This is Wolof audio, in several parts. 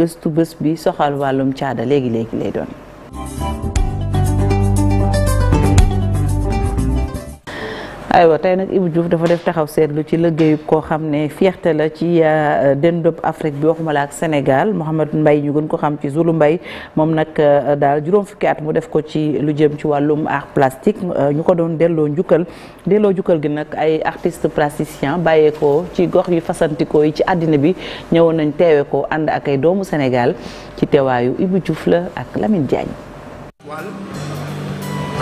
gëstu bés bi soxal wàllum caada léegi léegi lay doon aywa tey nag Ibou Diouf dafa def taxaw seetlu ci liggéeyub koo xam ne fierté la ci euh, dendop Afrique bi waxuma la ak Sénégal Mouhamed Mbaye ñu gën ko xam ci Zulu mbay moom nag euh, daal juróom fukki at mu def ko ci lu jëm ci wàllum art plastique euh, ñu ko doon delloo njukkal delloo jukkal gi nag ay artist plasticien bàyyeekoo ci gox yu fasantikoo yi ci àddina bi ñëwoon nañ teewe ko ànd ak ay doomu Sénégal ci teewaayu Ibou Diouf la ak lamin Diagne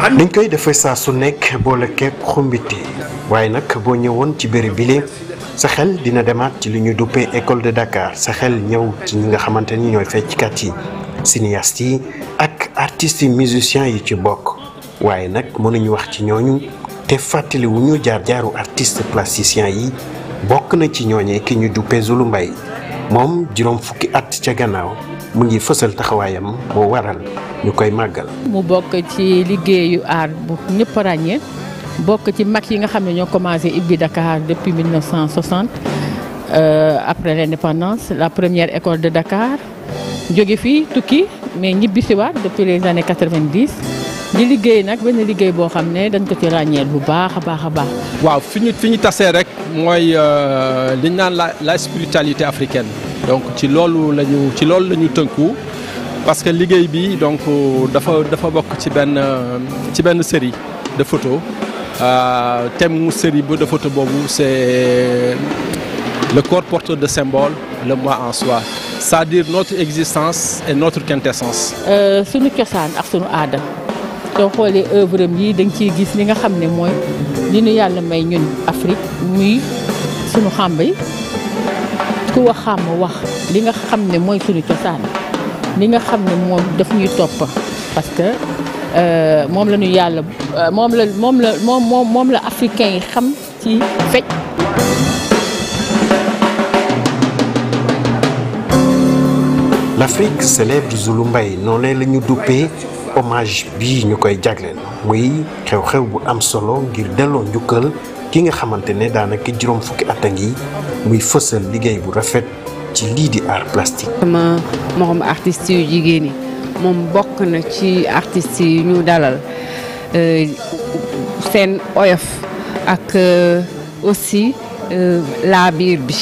dañ koy defee saa su nekk boole kepp xumbiti waaye nag boo ñëwoon ci béréb bi sa xel dina demaat ci lu ñuy duppee école de Dakar sa xel ñëw ci ñi nga xamante ni ñooy fecckat yi cinéastes yi ak artistes yi musiciens yi ci bokk waaye nag mënuñu wax ci ñooñu te fàttali wu ñu jaar jaaru artiste plasticien yi bokk na ci ñooñee ki ñu duppee Zulu Mbaye moom juróom fukki at ca gannaaw mu ngi fësal taxawaayam boo waral ñu koy màggal. mu bokk ci liggéeyu aar bu ñëpp ràññee bokk ci mag yi nga xam ne ñoo commencé ibbi Dakar depuis 1960 euh, après l'indépendance la première école de Dakar jóge fii tukki mais ñibbi si ñibbisiwaat depuis les années 90 di liggéey nag benn liggéey boo xam ne dañ ko ci ràññeel bu baax a baax a baax. waaw fi ñu fi ñu tasee rek mooy euh, li ñu naan la la spiritualité africaine. donc ci loolu lañu ci loolu la ñu tënku parce que liggéey bi donc dafa dafa bokk ci benn ci benn série de photos euh, thème mu série bu de photo boobu c'est le corps porteur de symbole le mois en soi c'est-à-dire notre existence et notre quintessence. Euh, sunu cosaan ak sunu aada soo xoolee œuvre am yi da nga ciy gis li nga xam ne mooy li nu yàlla may ñun Afrique muy sunu xàmb yi ku wax wax li nga xam ne mooy suñu cosaan li nga xam ne moom daf ñu topp parce que euh, moom la ñu yàlla euh, moom la moom la moom la africain yi xam ci fecc L'Afrique célèbre Zulumbay noonee la ñu duppee hommage bii ñu koy jagleel muy xew-xew bu am solo ngir delloo njukkal ki nga xamante ne daanaka juróom fukki at a ngi muy fësal liggéey bu rafet ci lii di art plastique. moom morom jigéen yi moom bokk na ci artistes yi ñu dalal euh, seen oyof ak euh, aussi euh, laa biir bi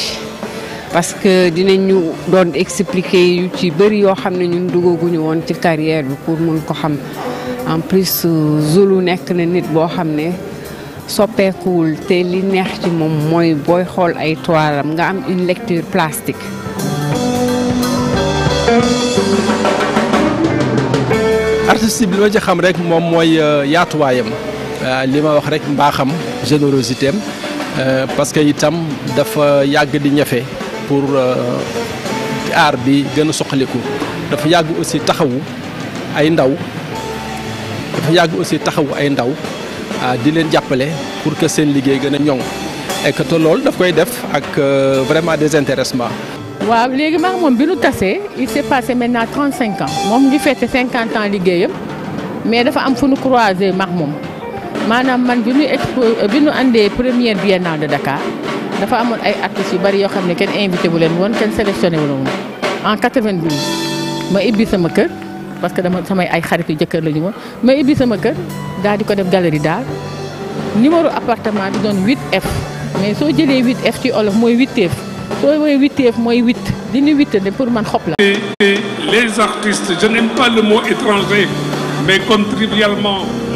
parce que dinañu doon expliquer yu ci bëri yoo xam ne ñun dugaguñu woon ci carrière bi pour mun ko xam en plus Zulu nekk na nit boo xam ne. soppeekuwul te li neex ci moom mooy booy xool ay toilam nga am une lecture plastique. artiste bi li ma ci xam rek moom mooy euh, yaatuwaayam euh, li ma wax rek mbaaxam générosité am euh, parce que itam dafa yàgg di ñafe pour aar bi gën a soxaliku dafa yàgg aussi taxawu ay ndaw dafa yàgg aussi taxawu ay ndaw. Ah, di leen jàppale pour que seen liggéey gën a ñoŋ et lool te koy def ak euh, vraiment désintéressement. waaw léegi maa moom bi nu tasee il s'est passé maintenant 35 ans moom ngi fête cinquante ans liggéeyam mais dafa am fu nu croisé max moom maanaam man bi nu expo bi nu andee première biennale de Dakar dafa amoon ay artistes yu bari yoo xam ne kenn invité wu leen woon kenn sélectionné wu leen woon en 92 ma ibbi sama kër. parce que dama samay ay xaritu jëkkër la ñu ma ma ibbi sama kër daal di ko def galerie daal numéro appartement bi doon 8F mais soo jëlee 8F ci olof mooy 8F soo mooy 8F mooy pour man xob la.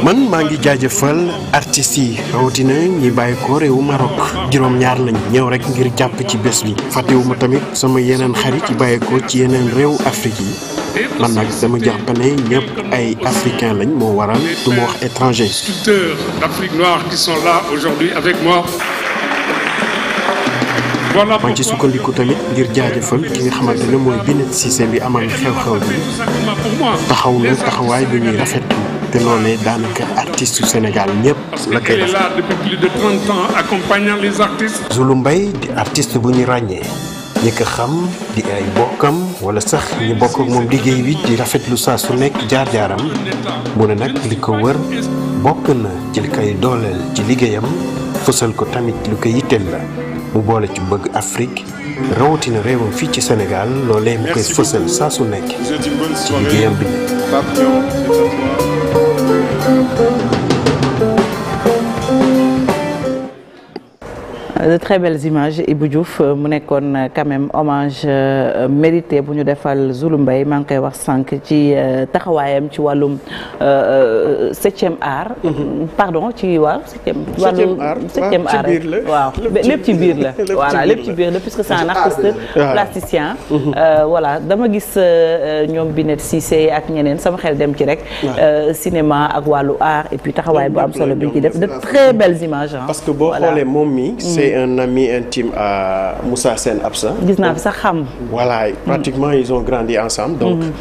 man maa ngi jaajëfal artistes yi rawatina ñi bàyyi ko réewu Maroc juróom-ñaar lañ ñëw rek ngir jàpp ci bés bi fàttewuma tamit sama yeneen xarit yi bàyyi ko ci yeneen réew Afrique yi. man nag sama jàpp ne ñëpp ay africain lañ moo waral du mu wax étranger. sculpteurs ci sukkandiku tamit ngir jaajëfal ki nga xamante ne mooy Binet Cissé bi amal xew-xew bi taxaw na taxawaay bi ñuy rafetlu te loolee daanaka artistes yu Sénégal ñëpp la koy def. Zoulou Mbaye di artiste bu ñu ràññee. ñi xam di ay bokkam wala sax ñu bokk moom liggéey bi di rafet lu saa su nekk jaar-jaaram mu ne nag li ko wër bokk na ci li koy dooleel ci liggéeyam fësal ko tamit lu ko yitteel la mu boole ci bëgg Afrique rawatina réewam fii ci senegal loolee mu koy fësal saa su nekk ci liggéeyam bi. de très belles images Ibou Diouf euh, mu nekkoon euh, quand même hommage euh, mérité bu ñu defal Zulu Mbaye maa ngi koy wax sànq ci taxawaayam ci wàllum septième art. Mhm. pardon ci waaw septième. wàllum septième art waaw lépp ci biir la voilà lépp ci biir la puisque c'est un artiste plasticien. Mhm. voilà dama gis ñoom Binet se ak ñeneen sama xel dem ci rek. cinéma ak wàllu art et taxawaay bu am solo bi ñu def de très belles images parce que boo xoolee moom c'est un ami intime à Moussa seen Absa. gis naa fi sax xam. voilà pratiquement ils ont grandi ensemble. donc mhm.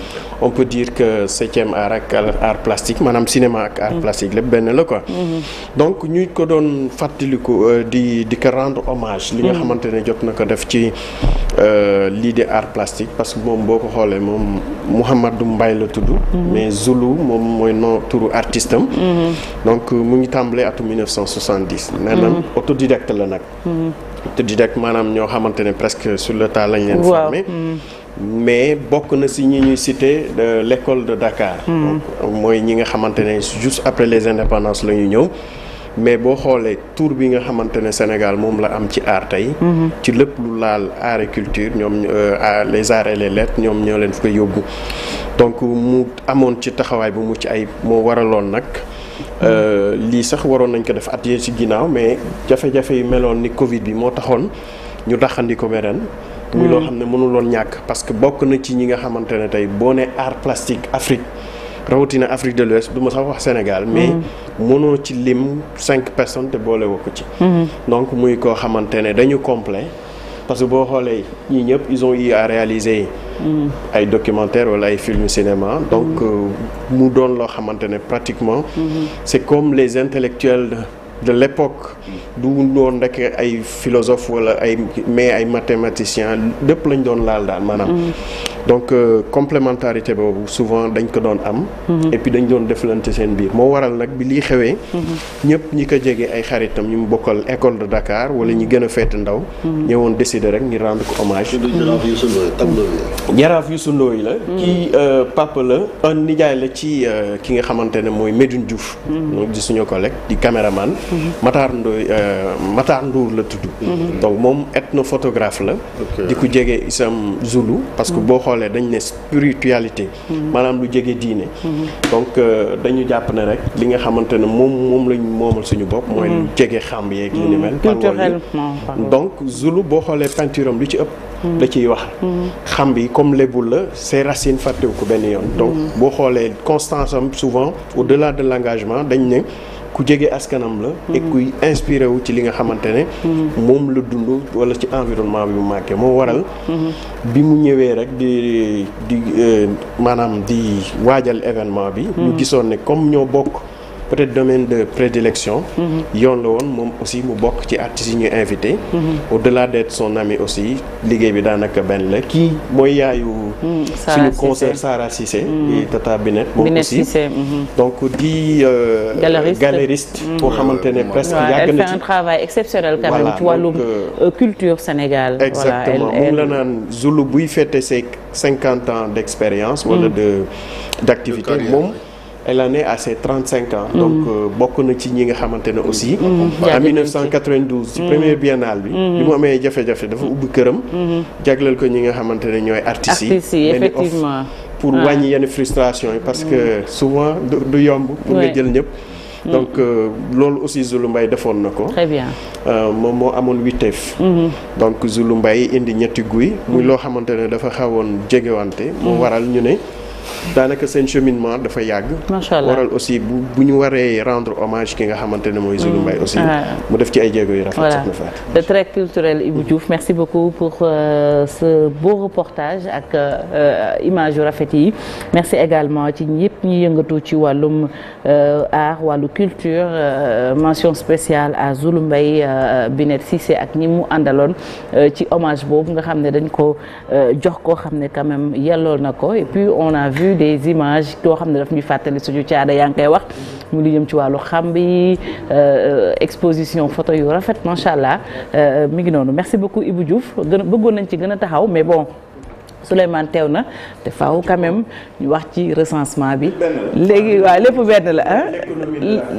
on peut dire que septième art ak art plastique maanaam cinéma ak art mhm. plastique lépp benn la quoi. Mhm. donc ñu ko doon fàttaliku euh, di di ko rendre hommage. li nga xamante ne jot na ko def ci euh, lii de art plastique parce que moom boo ko xoolee moom Mouhamadou mbay la tudd. mais Zulu moom mooy noo turu artiste am. donc mu ngi tàmbalee atum 1970. nee na la nag. autodidacte maanaam ñoo xamante ne presque sur le tas lañ leen formé mais bokk na si ñi ñuy cité de euh, l' de Dakar hmm. mooy ñi nga xamante ne juste après les indépendances lañu ñu ñëw mais boo xoolee tour bi nga xamante ne Sénégal moom la am ci aar tey hmm. ci lépp lu laal art culture ñoom euh, les arts et les lettres ñoom ñoo leen fa yóbbu donc mu amoon ci taxawaay bu mu ci ay moo waraloon nag Euh, lii sax waroon nañ ko def at yee ci ginnaaw mais jafe-jafe yi meloon ni Covid bi moo taxoon ñu taxandi ko meren muy loo mm. xam ne mënuloon ñàkk parce que bokk na ci ñi nga xamante ne tey boo ne art plastique Afrique rawatina Afrique de l'Ouest du ma sax wax Sénégal mais mm. mënoo ci lim cinq personnes te boole ko ci mm. donc muy koo xamante ne dañu complet parce que boo xoolee ñii ñëpp ils ont eu à réaliser mm. ay documentaire wala ay film cinéma donc mm. euh, mu doon loo xamante ne pratiquement mm-hmm. c'est comme les intellectuels de l'époque mm. du loon rek ay philosophe wala ay mais ay mathématicien lépp lañ doon laal daal maanaam. Mm-hmm. donc euh, complémentarité boobu souvent dañ ko doon am. Mm-hmm. et dañ doon deflante seen biir moo waral nag bi lii xewee. Mm-hmm. ñëpp ñi ko jege ay xaritam ñu bokkal école de Dakar wala ñi gën a feete ndaw. ñëwoon décider rek ñu rendre ko hommage. jaraaf Youssou Ndoye la. kii euh, papa la un nijaay la ci euh, ki nga xamante ne mooy Medoune Diouf. di suñu collègue di caméraman. Matar Ndoye euh, Matar Ndour la tudd. Mhm. donc moom ethnophotographe la. di ko jege isam Zulu. parce que mhm. boo xoolee dañ ne spiritualité. Mhm. maanaam lu jege diine. donc euh, dañu jàpp ne rek li nga xamante ne moom moom lañ moomal suñu bopp. mooy lu jege xam yeeg li ni mel. culturellement donc boo xoolee peinture lu ci ëpp. da ciy wax. xam bi comme lébul la ses racines fàttewu ko benn yoon. donc boo xoolee constance souvent au de l' engagement dañ ne. ku jege askanam la. et mm-hmm. kuy inspiré wu ci li nga xamante ne. Mm-hmm. moom la dund wala ci environnement bi mu màggee moo waral. Mm-hmm. bi mu ñëwee rek di di euh, maanaam di waajal événement bi. ñu gisoon ne comme ñoo bokk. peut-être domaine de prédilection. Mhm. yoon la woon moom aussi mu bokk ci artistes yi ñuy invité. Mhm. au-delà d'être son ami aussi liggéey bi daanaka benn la kii mooy yaayu. Mm, suñu concert Sara Cissé. yi mm. Tata Binet moom aussi mhm. donc di. Euh, galériste galériste. boo xamante ne presque yàgg na ci un travail exceptionnel quand même ci wàllum euh, euh, culture Sénégal. exactement moom la naan Zulu buy fêter ses cinquante ans d'expérience. wala mm. de d'activité moom. elle en est à ses 35 ans. Mm. donc euh, bokk na ci ñi nga xamante ne aussi. Mm. Mm. en 1992 ci première biennale bi. bi mu amee jafe-jafe dafa ubbi këram. jagleel ko ñi nga xamante ne ñooy artistes yi. pour ah. wàññi yenn frustration yi parce que souvent du yomb. pour nga jël ñëpp. donc euh, loolu aussi lu mbay defoon na ko. Euh, moom moo amoon witeef. Mm-hmm. donc su lu mbay indi ñetti guy. muy mm-hmm. loo xamante ne dafa xawoon jegewante. mu mm-hmm. waral ñu ne. daanaka seen cheminement dafa yàgg. macha allah waral aussi bu bu ñu waree rendre hommage ki nga xamante ne mooy Zulu mm. Mbaye aussi. mu def ci ay jéego yu rafet. voilà le trait culturel bu Diouf merci beaucoup pour euh, ce beau reportage ak euh, image yu rafet yi merci également ci ñëpp ñi yëngatu ci wàllum euh, art wàllu culture euh, mention spéciale à Zulu Mbaye Binet Cissé ak ñi mu àndaloon ci hommage boobu nga xam ne dañ ko jox koo xam ne quand même na ko et puis vu des images yoo xam ne daf ñuy fàttali suñu caada yaa ngi koy wax mu lu jëm ci wàllu xam xamb yi euh, euh, exposition photo yu rafet macha allah euh, mi ngi noonu merci beaucoup Ibou Diouf gën a bëggoon nañ ci gën a taxaw mais bon Souleymane teew na te faaw quand même ñu wax ci recensement bi. léegi waaw lépp benn la ah.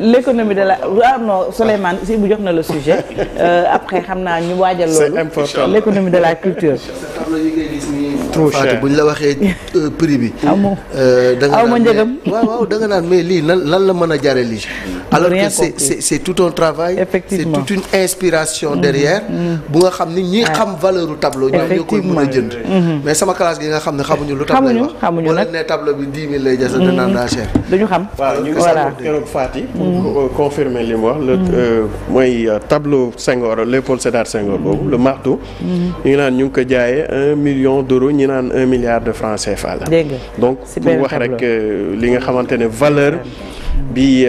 l'économie de la waaw non Souleymane si bu jox na la sujet euh, après xam naa ñu waajal loolu. c'est de la culture. trop bu ñu la waxee euh, prix bi. Ah euh, da nga naan mais waaw waaw da nga naan mais lii lan lan la mën a jaree lii. alors que c'est tout un travail. effectivement c'est toute une inspiration mm-hmm. derrière. Mm-hmm. bu nga xam ni ñi ah. xam valeur ru tableau. ñoo koy mën a jënd. Mm-hmm. sama classe gi nga xam ne xamuñu lu. xamuñu xamuñu nag ne tableau bi 10 000 lay jël. dinañ mhm. naa cher. duñu xam waaw ñu ngi sant keroog Fati. pour mhm. confirmer li mu wax. le mhm. euh, mooy euh, tableau Senghor Léopold Sédar Senghor boobu le marteau. ñu ngi naan ñu ngi ko jaayee un million d'euros ñu naan un milliard de francs CFA la. dégg nga donc pour wax rek euh, li nga xamante ne valeur bi.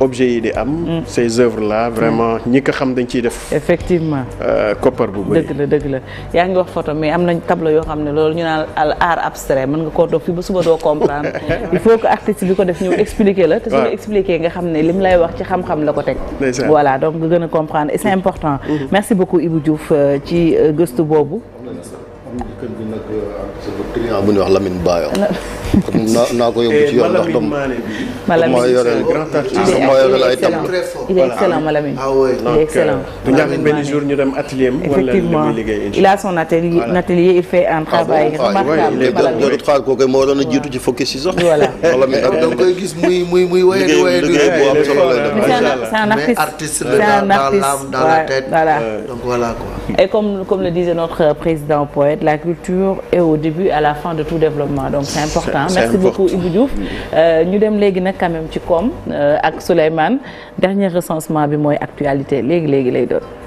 objet yi di am. Mm. ces œuvres là vraiment mm. ñi ka xam dañ ciy def. effectivement euh, koppar bu bëri. dëgg la dëgg la yaa ngi wax foto mais am nañ tableau yoo xam ne loolu ñu naan art abstrait mën nga koo toog fii ba suba doo comprendre il faut que artiste bi ko def ñëw expliquer la. te su expliquer nga xam ne lim lay wax ci xam-xam la ko teg. voilà donc nga gën a comprendre et c'est mm-hmm. important. Mm-hmm. merci beaucoup Ibou Diouf euh, ci euh, gëstu boobu. am na nag am na naa naa ko yóbbu ci yoon ndax doomu. Malamine maa yore grand artiste maa yore ay tam. il est excellent Malamine. ah oui il est excellent. du ñàkk benn jour ñu dem atelier am. wala li muy liggéey il a son atelier atelier il fait un ah travail ah, remarquable. Malamine xaar kooku moo waroon a jiitu ci focus si sax. voilà Malamine ak da nga koy gis muy muy muy wéyal wéyal liggéey bu am solo lay def. c'est un artiste artiste dans l'âme dans la tête donc voilà quoi. et comme comme le disait notre président poète la culture est au début à la fin de tout développement donc c'est important. important merci beaucoup Ibou Diouf euh, ñu dem léegi nag quand même ci koom euh, ak Souleymane dernier recensement bi mooy actualité léegi léegi lay doon